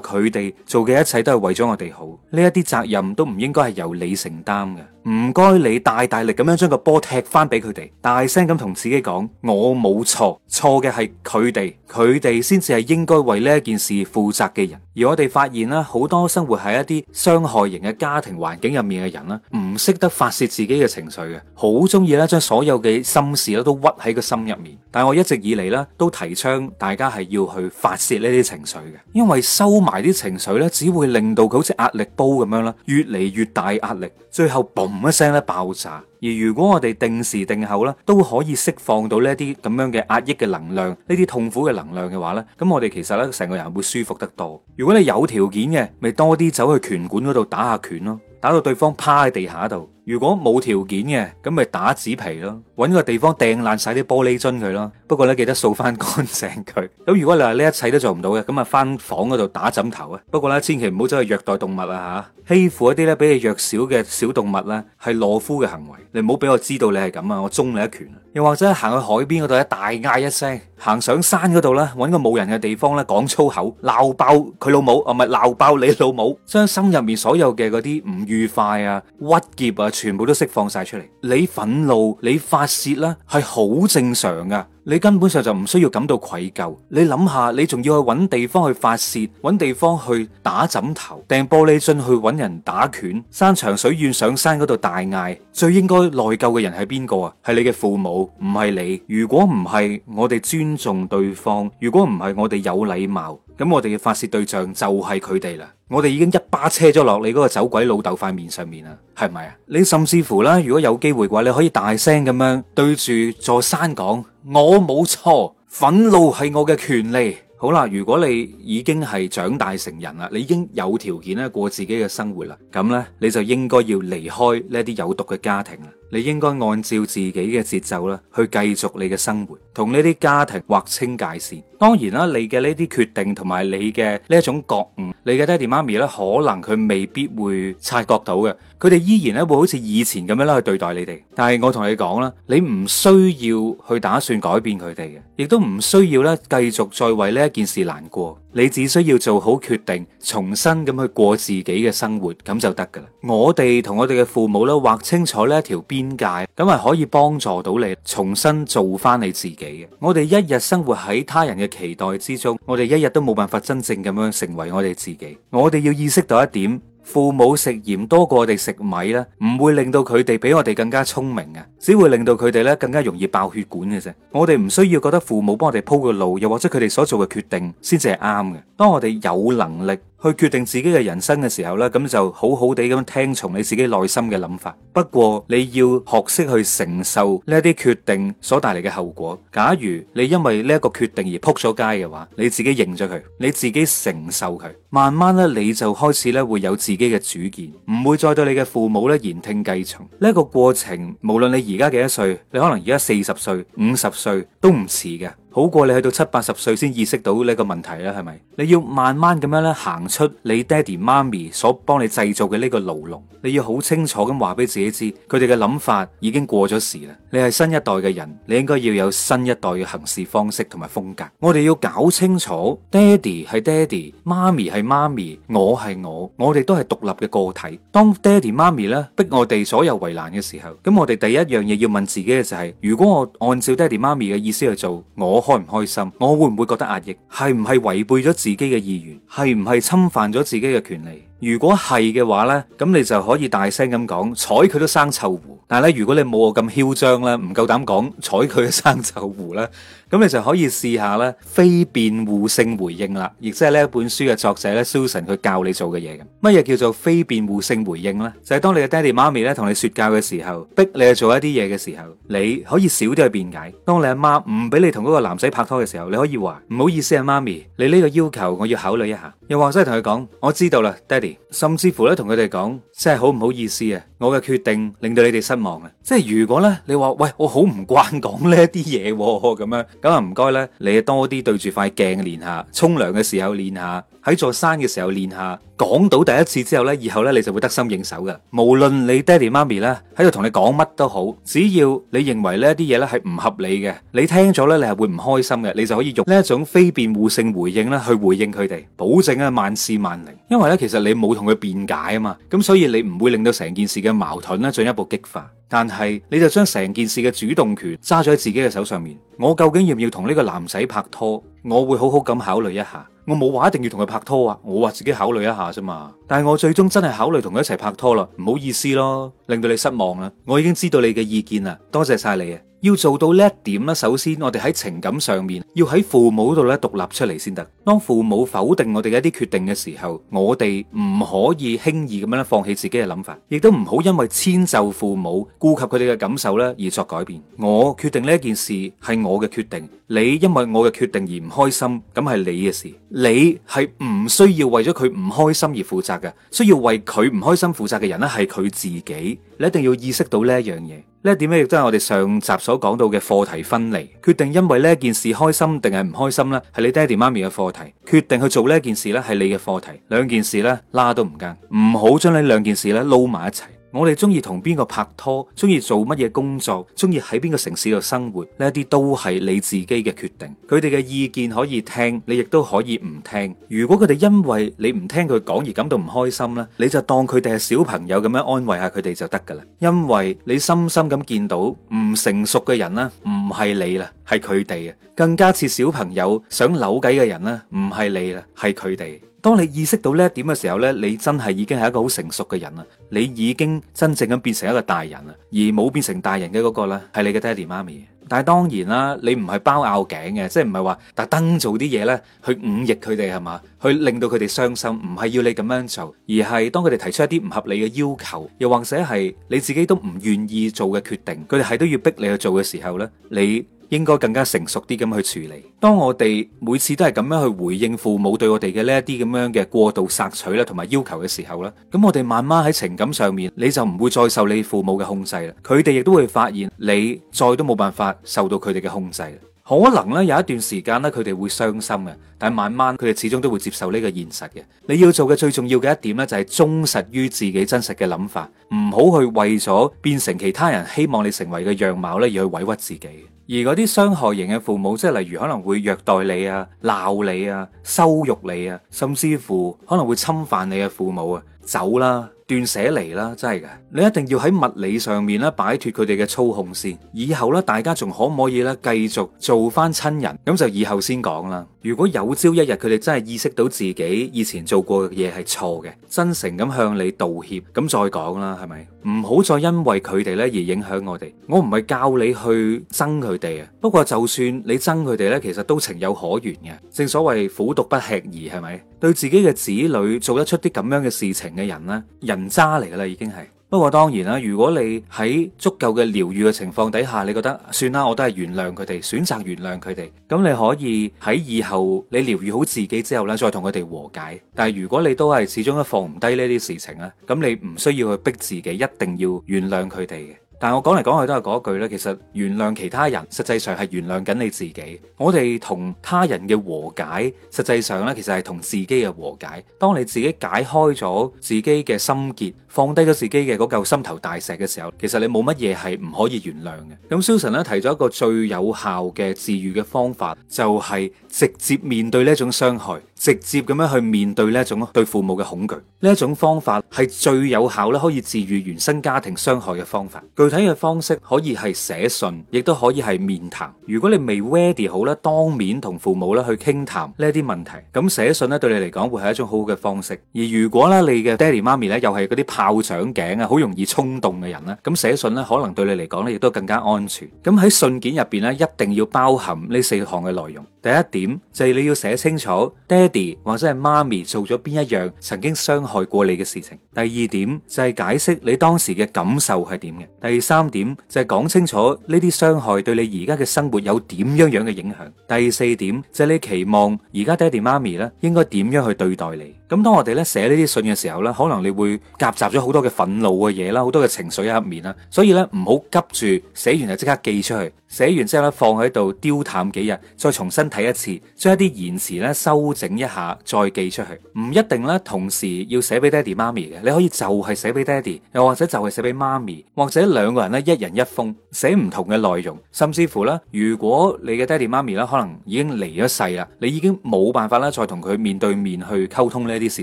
佢哋做嘅一切都係為咗我哋好，呢一啲責任都唔應該係由你承擔嘅，唔該你大大力咁樣將個波踢返俾佢哋，大聲咁同自己講，我冇錯，錯嘅係佢哋，佢哋先至係應該為呢一件事負責嘅人。而我哋發現啦，好多生活喺一啲傷害型嘅家庭環境入面嘅人咧，唔識得發洩自己嘅情緒嘅，好中意咧將所有嘅心事咧都屈喺個心入面。但係我一直以嚟咧都提倡大家係要去發洩呢啲情緒嘅，因為收埋啲情緒咧只會令到佢好似壓力煲咁樣啦，越嚟越大壓力，最後嘣一聲咧爆炸。而如果我哋定時定候啦，都可以釋放到呢啲咁樣嘅壓抑嘅能量，呢啲痛苦嘅能量嘅話咧，咁我哋其實咧成個人會舒服得多。如果你有條件嘅，咪多啲走去拳館嗰度打下拳咯，打到對方趴喺地下度。如果冇條件嘅，咁咪打紙皮咯，揾個地方掟爛晒啲玻璃樽佢咯。不過咧，記得掃翻乾淨佢。咁如果你話呢一切都做唔到嘅，咁啊翻房嗰度打枕頭啊。不過呢，千祈唔好走去虐待動物啊嚇，欺負一啲呢比你弱小嘅小動物呢，係懦夫嘅行為。你唔好俾我知道你係咁啊，我中你一拳。又或者行去海邊嗰度咧大嗌一聲，行上山嗰度咧揾個冇人嘅地方呢，講粗口，鬧爆佢老母啊咪鬧爆你老母，將心入面所有嘅嗰啲唔愉快啊、鬱結啊。全部都釋放晒出嚟，你憤怒，你發泄啦，係好正常噶。你根本上就唔需要感到愧疚。你諗下，你仲要去揾地方去發泄，揾地方去打枕頭，掟玻璃樽去揾人打拳，山長水遠上山嗰度大嗌，最應該內疚嘅人係邊個啊？係你嘅父母，唔係你。如果唔係我哋尊重對方，如果唔係我哋有禮貌，咁我哋嘅發泄對象就係佢哋啦。我哋已經一巴車咗落你嗰個走鬼老豆塊面上面啦，係咪啊？你甚至乎呢，如果有機會嘅話，你可以大聲咁樣對住座山講：我冇錯，憤怒係我嘅權利。好啦，如果你已經係長大成人啦，你已經有條件咧過自己嘅生活啦，咁呢，你就應該要離開呢啲有毒嘅家庭啦。你應該按照自己嘅節奏啦，去繼續你嘅生活，同呢啲家庭劃清界線。當然啦，你嘅呢啲決定同埋你嘅呢一種覺悟，你嘅爹哋媽咪咧，可能佢未必會察覺到嘅，佢哋依然咧會好似以前咁樣咧去對待你哋。但係我同你講啦，你唔需要去打算改變佢哋嘅，亦都唔需要咧繼續再為呢一件事難過。你只需要做好決定，重新咁去過自己嘅生活，咁就得噶啦。我哋同我哋嘅父母咧劃清楚呢一條邊界，咁係可以幫助到你重新做返你自己嘅。我哋一日生活喺他人嘅期待之中，我哋一日都冇辦法真正咁樣成為我哋自己。我哋要意識到一點，父母食鹽多過我哋食米咧，唔會令到佢哋比我哋更加聰明嘅，只會令到佢哋咧更加容易爆血管嘅啫。我哋唔需要覺得父母幫我哋鋪個路，又或者佢哋所做嘅決定先至係啱嘅。當我哋有能力。去決定自己嘅人生嘅時候呢，咁就好好地咁聽從你自己內心嘅諗法。不過你要學識去承受呢啲決定所帶嚟嘅後果。假如你因為呢一個決定而撲咗街嘅話，你自己認咗佢，你自己承受佢，慢慢咧你就開始咧會有自己嘅主見，唔會再對你嘅父母咧言聽計從。呢一個過程，無論你而家幾多歲，你可能而家四十歲、五十歲都唔遲嘅。好過你去到七八十歲先意識到呢個問題啦，係咪？你要慢慢咁樣咧行出你爹哋媽咪所幫你製造嘅呢個牢籠。你要好清楚咁話俾自己知，佢哋嘅諗法已經過咗時啦。你係新一代嘅人，你應該要有新一代嘅行事方式同埋風格。我哋要搞清楚，爹哋係爹哋，媽咪係媽咪，我係我，我哋都係獨立嘅個體。當爹哋媽咪呢逼我哋左右為難嘅時候，咁我哋第一樣嘢要問自己嘅就係，如果我按照爹哋媽咪嘅意思去做，我開唔開心？我會唔會覺得壓抑？係唔係違背咗自己嘅意願？係唔係侵犯咗自己嘅權利？如果係嘅話呢，咁你就可以大聲咁講，睬佢都生臭狐。但係咧，如果你冇我咁囂張咧，唔夠膽講，睬佢都生臭狐咧，咁你就可以試下呢，非辯護性回應啦，亦即係呢一本書嘅作者咧 Susan 佢教你做嘅嘢。乜嘢叫做非辯護性回應呢？就係當你嘅爹地媽咪咧同你說教嘅時候，逼你去做一啲嘢嘅時候，你可以少啲去辯解。當你阿媽唔俾你同嗰個男仔拍拖嘅時候，你可以話，唔好意思啊，媽咪，你呢個要求我要考慮一下。又或者係同佢講，我知道啦，爹地。甚至乎咧，同佢哋講，真係好唔好意思啊！我嘅決定令到你哋失望啊！即係如果咧，你話，喂，我好唔慣講呢一啲嘢咁樣，咁啊唔該咧，你多啲對住塊鏡練下，沖涼嘅時候練下。喺座山嘅時候練下，講到第一次之後呢，以後呢，你就會得心應手嘅。無論你爹哋媽咪呢喺度同你講乜都好，只要你認為呢啲嘢呢係唔合理嘅，你聽咗呢，你係會唔開心嘅，你就可以用呢一種非辯護性回應呢去回應佢哋，保證啊萬事萬靈。因為呢，其實你冇同佢辯解啊嘛，咁所以你唔會令到成件事嘅矛盾呢進一步激化。但係你就將成件事嘅主動權揸咗喺自己嘅手上面。我究竟要唔要同呢個男仔拍拖？我會好好咁考慮一下。我冇話一定要同佢拍拖啊，我話自己考慮一下啫嘛。但係我最終真係考慮同佢一齊拍拖啦，唔好意思咯，令到你失望啦。我已經知道你嘅意見啦，多謝晒你啊！要做到呢一點咧，首先我哋喺情感上面要喺父母度咧獨立出嚟先得。當父母否定我哋嘅一啲決定嘅時候，我哋唔可以輕易咁樣咧放棄自己嘅諗法，亦都唔好因為遷就父母顧及佢哋嘅感受咧而作改變。我決定呢一件事係我嘅決定，你因為我嘅決定而唔開心，咁係你嘅事，你係唔需要為咗佢唔開心而負責嘅。需要為佢唔開心負責嘅人咧係佢自己，你一定要意識到呢一樣嘢。呢一點咧，亦都係我哋上集所講到嘅課題分離。決定因為呢一件事開心定係唔開心呢，係你爹哋媽咪嘅課題；決定去做呢一件事呢，係你嘅課題。兩件事呢，拉都唔得，唔好將呢兩件事呢撈埋一齊。我哋中意同邊個拍拖，中意做乜嘢工作，中意喺邊個城市度生活呢？呢啲都係你自己嘅決定。佢哋嘅意見可以聽，你亦都可以唔聽。如果佢哋因為你唔聽佢講而感到唔開心咧，你就當佢哋係小朋友咁樣安慰下佢哋就得噶啦。因為你深深咁見到唔成熟嘅人咧，唔係你啦，係佢哋啊。更加似小朋友想扭計嘅人咧，唔係你啦，係佢哋。當你意識到呢一點嘅時候呢，你真係已經係一個好成熟嘅人啦，你已經真正咁變成一個大人啦，而冇變成大人嘅嗰個呢，係你嘅爹哋媽咪。但係當然啦，你唔係包拗頸嘅，即係唔係話特登做啲嘢呢，去忤逆佢哋係嘛，去令到佢哋傷心，唔係要你咁樣做，而係當佢哋提出一啲唔合理嘅要求，又或者係你自己都唔願意做嘅決定，佢哋係都要逼你去做嘅時候呢，你，應該更加成熟啲咁去處理。當我哋每次都係咁樣去回應父母對我哋嘅呢一啲咁樣嘅過度索取啦，同埋要求嘅時候咧，咁我哋慢慢喺情感上面你就唔會再受你父母嘅控制啦。佢哋亦都會發現你再都冇辦法受到佢哋嘅控制。可能咧有一段時間咧，佢哋會傷心嘅，但係慢慢佢哋始終都會接受呢個現實嘅。你要做嘅最重要嘅一點咧，就係忠實於自己真實嘅諗法，唔好去為咗變成其他人希望你成為嘅樣貌咧，而去委屈自己。而嗰啲傷害型嘅父母，即係例如可能會虐待你啊、鬧你啊、羞辱你啊，甚至乎可能會侵犯你嘅父母啊，走啦，斷捨離啦，真係嘅。你一定要喺物理上面咧擺脫佢哋嘅操控先。以後咧，大家仲可唔可以咧繼續做翻親人？咁就以後先講啦。如果有朝一日佢哋真係意識到自己以前做過嘅嘢係錯嘅，真誠咁向你道歉，咁再講啦，係咪？唔好再因為佢哋咧而影響我哋。我唔係教你去憎佢哋啊。不過就算你憎佢哋咧，其實都情有可原嘅。正所謂虎毒不食兒，係咪？對自己嘅子女做得出啲咁樣嘅事情嘅人呢？人渣嚟噶啦，已經係。不過當然啦，如果你喺足夠嘅療愈嘅情況底下，你覺得算啦，我都係原諒佢哋，選擇原諒佢哋，咁你可以喺以後你療愈好自己之後咧，再同佢哋和解。但係如果你都係始終都放唔低呢啲事情啊，咁你唔需要去逼自己一定要原諒佢哋嘅。但我講嚟講去都係嗰句咧，其實原諒其他人，實際上係原諒緊你自己。我哋同他人嘅和解，實際上咧其實係同自己嘅和解。當你自己解開咗自己嘅心結，放低咗自己嘅嗰嚿心頭大石嘅時候，其實你冇乜嘢係唔可以原諒嘅。咁肖晨咧提咗一個最有效嘅治癒嘅方法，就係、是、直接面對呢一種傷害。直接咁樣去面對呢一種對父母嘅恐懼，呢一種方法係最有效咧，可以治愈原生家庭傷害嘅方法。具體嘅方式可以係寫信，亦都可以係面談。如果你未 ready 好咧，當面同父母咧去傾談呢一啲問題，咁寫信咧對你嚟講會係一種好好嘅方式。而如果咧你嘅爹哋媽咪咧又係嗰啲炮仗頸啊，好容易衝動嘅人咧，咁寫信咧可能對你嚟講咧亦都更加安全。咁喺信件入邊咧，一定要包含呢四項嘅內容。第一點就係你要寫清楚爹。或者係媽咪做咗邊一樣曾經傷害過你嘅事情。第二點就係解釋你當時嘅感受係點嘅。第三點就係講清楚呢啲傷害對你而家嘅生活有點樣樣嘅影響。第四點就係你期望而家爹哋媽咪呢應該點樣去對待你。咁當我哋呢寫呢啲信嘅時候呢，可能你會夾雜咗好多嘅憤怒嘅嘢啦，好多嘅情緒喺入面啦，所以呢，唔好急住寫完就即刻寄出去。寫完之後咧，放喺度，丟淡幾日，再重新睇一次，將一啲言辭咧修整一下，再寄出去。唔一定咧，同時要寫俾爹哋媽咪嘅，你可以就係寫俾爹哋，又或者就係寫俾媽咪，或者兩個人咧一人一封，寫唔同嘅內容。甚至乎咧，如果你嘅爹哋媽咪咧，可能已經離咗世啦，你已經冇辦法啦再同佢面對面去溝通呢啲事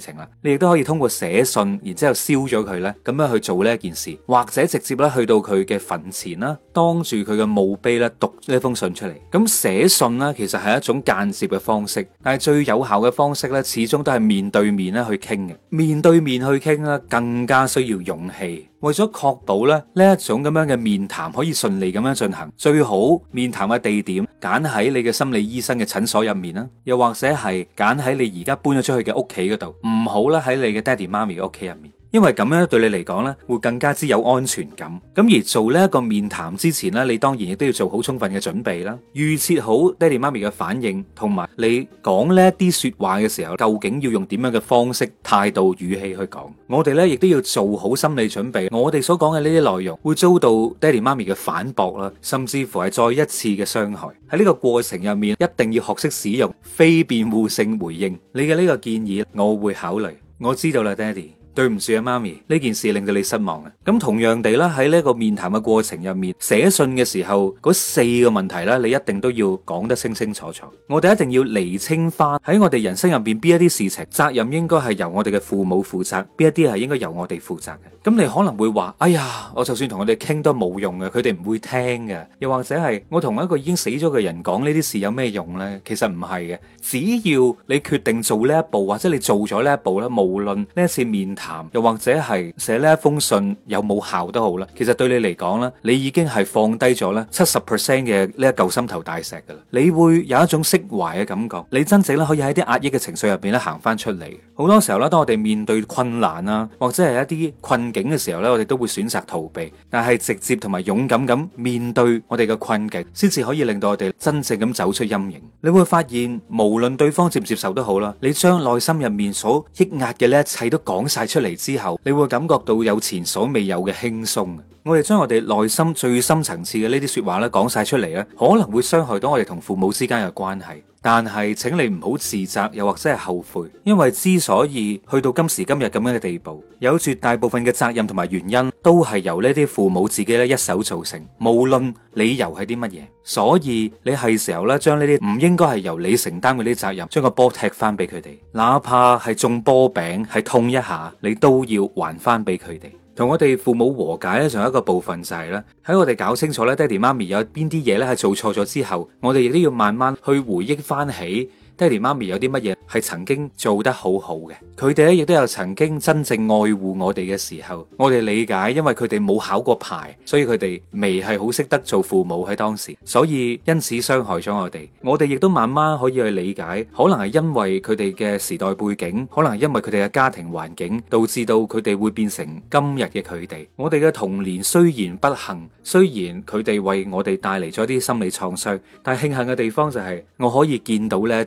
情啦，你亦都可以通過寫信，然之後燒咗佢咧，咁樣去做呢一件事，或者直接咧去到佢嘅墳前啦，當住佢嘅墓碑。讀呢封信出嚟，咁寫信呢，其實係一種間接嘅方式，但係最有效嘅方式呢，始終都係面對面咧去傾嘅。面對面去傾呢，更加需要勇氣。為咗確保咧呢一種咁樣嘅面談可以順利咁樣進行，最好面談嘅地點揀喺你嘅心理醫生嘅診所入面啦，又或者係揀喺你而家搬咗出去嘅屋企嗰度，唔好咧喺你嘅爹哋媽咪嘅屋企入面。因為咁樣，對你嚟講呢，會更加之有安全感。咁而做呢一個面談之前呢，你當然亦都要做好充分嘅準備啦，預設好爹哋媽咪嘅反應，同埋你講呢一啲說話嘅時候，究竟要用點樣嘅方式、態度、語氣去講。我哋呢亦都要做好心理準備。我哋所講嘅呢啲內容，會遭到爹哋媽咪嘅反駁啦，甚至乎係再一次嘅傷害。喺呢個過程入面，一定要學識使用非辯護性回應。你嘅呢個建議，我會考慮。我知道啦，爹哋。對唔住啊，媽咪，呢件事令到你失望啊。咁同樣地啦，喺呢一個面談嘅過程入面，寫信嘅時候嗰四個問題呢，你一定都要講得清清楚楚。我哋一定要厘清翻喺我哋人生入邊邊一啲事情，責任應該係由我哋嘅父母負責，邊一啲係應該由我哋負責嘅。咁你可能會話：哎呀，我就算同佢哋傾都冇用嘅，佢哋唔會聽嘅。又或者係我同一個已經死咗嘅人講呢啲事有咩用呢？其實唔係嘅，只要你決定做呢一步，或者你做咗呢一步呢，無論呢一次面。談又或者係寫呢一封信有冇效都好啦，其實對你嚟講咧，你已經係放低咗咧七十 percent 嘅呢一嚿心頭大石噶啦，你會有一種釋懷嘅感覺，你真正咧可以喺啲壓抑嘅情緒入邊咧行翻出嚟。好多時候咧，當我哋面對困難啊，或者係一啲困境嘅時候咧，我哋都會選擇逃避。但係直接同埋勇敢咁面對我哋嘅困境，先至可以令到我哋真正咁走出陰影。你會發現，無論對方接唔接受都好啦，你將內心入面所抑壓嘅呢一切都講晒出嚟之後，你會感覺到有前所未有嘅輕鬆。我哋將我哋內心最深層次嘅呢啲說話咧講晒出嚟咧，可能會傷害到我哋同父母之間嘅關係。但係，請你唔好自責，又或者係後悔，因為之所以去到今時今日咁樣嘅地步，有絕大部分嘅責任同埋原因，都係由呢啲父母自己咧一手造成，無論理由係啲乜嘢。所以你係時候咧，將呢啲唔應該係由你承擔嘅呢啲責任，將個波踢翻俾佢哋，哪怕係中波餅，係痛一下，你都要還翻俾佢哋。同我哋父母和解咧，仲有一個部分就係咧，喺我哋搞清楚咧，爹哋媽咪有邊啲嘢咧係做錯咗之後，我哋亦都要慢慢去回憶翻起。爹哋媽咪有啲乜嘢係曾經做得好好嘅，佢哋咧亦都有曾經真正愛護我哋嘅時候，我哋理解，因為佢哋冇考過牌，所以佢哋未係好識得做父母喺當時，所以因此傷害咗我哋。我哋亦都慢慢可以去理解，可能係因為佢哋嘅時代背景，可能係因為佢哋嘅家庭環境，導致到佢哋會變成今日嘅佢哋。我哋嘅童年雖然不幸，雖然佢哋為我哋帶嚟咗啲心理創傷，但係慶幸嘅地方就係，我可以見到呢一。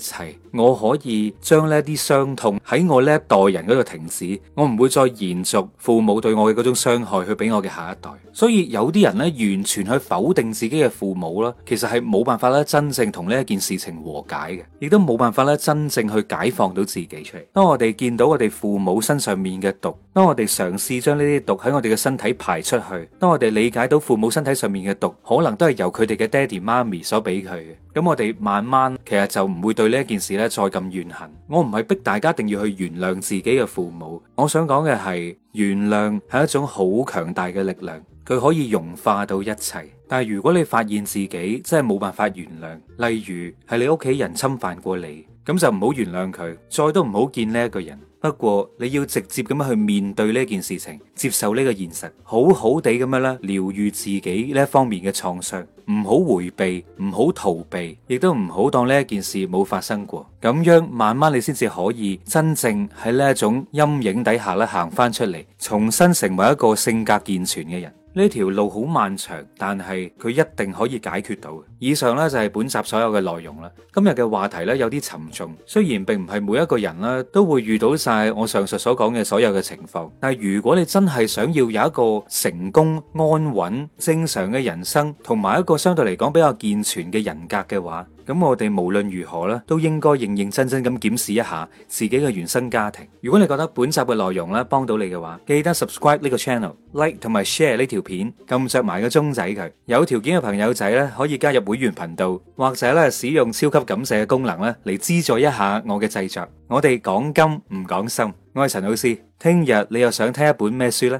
我可以將呢啲傷痛喺我呢一代人嗰度停止，我唔會再延續父母對我嘅嗰種傷害去俾我嘅下一代。所以有啲人呢，完全去否定自己嘅父母啦，其實係冇辦法咧真正同呢一件事情和解嘅，亦都冇辦法咧真正去解放到自己出嚟。當我哋見到我哋父母身上面嘅毒。當我哋嘗試將呢啲毒喺我哋嘅身體排出去，當我哋理解到父母身體上面嘅毒，可能都係由佢哋嘅爹哋媽咪所俾佢，咁我哋慢慢其實就唔會對呢件事咧再咁怨恨。我唔係逼大家一定要去原諒自己嘅父母，我想講嘅係原諒係一種好強大嘅力量，佢可以融化到一切。但係如果你發現自己真係冇辦法原諒，例如係你屋企人侵犯過你，咁就唔好原諒佢，再都唔好見呢一個人。不過你要直接咁樣去面對呢件事情，接受呢個現實，好好地咁樣咧療癒自己呢一方面嘅創傷，唔好回避，唔好逃避，亦都唔好當呢一件事冇發生過。咁樣慢慢你先至可以真正喺呢一種陰影底下咧行翻出嚟，重新成為一個性格健全嘅人。呢條路好漫長，但係佢一定可以解決到。以上呢，就係本集所有嘅內容啦。今日嘅話題呢，有啲沉重，雖然並唔係每一個人呢都會遇到晒我上述所講嘅所有嘅情況，但係如果你真係想要有一個成功、安穩、正常嘅人生，同埋一個相對嚟講比較健全嘅人格嘅話，咁我哋無論如何啦，都應該認認真真咁檢視一下自己嘅原生家庭。如果你覺得本集嘅內容咧幫到你嘅話，記得 subscribe 呢個 channel，like 同埋 share 呢條片，撳着埋個鐘仔佢。有條件嘅朋友仔咧可以加入會員頻道，或者咧使用超級感謝嘅功能咧嚟資助一下我嘅製作。我哋講金唔講心，我係陳老師。聽日你又想聽一本咩書呢？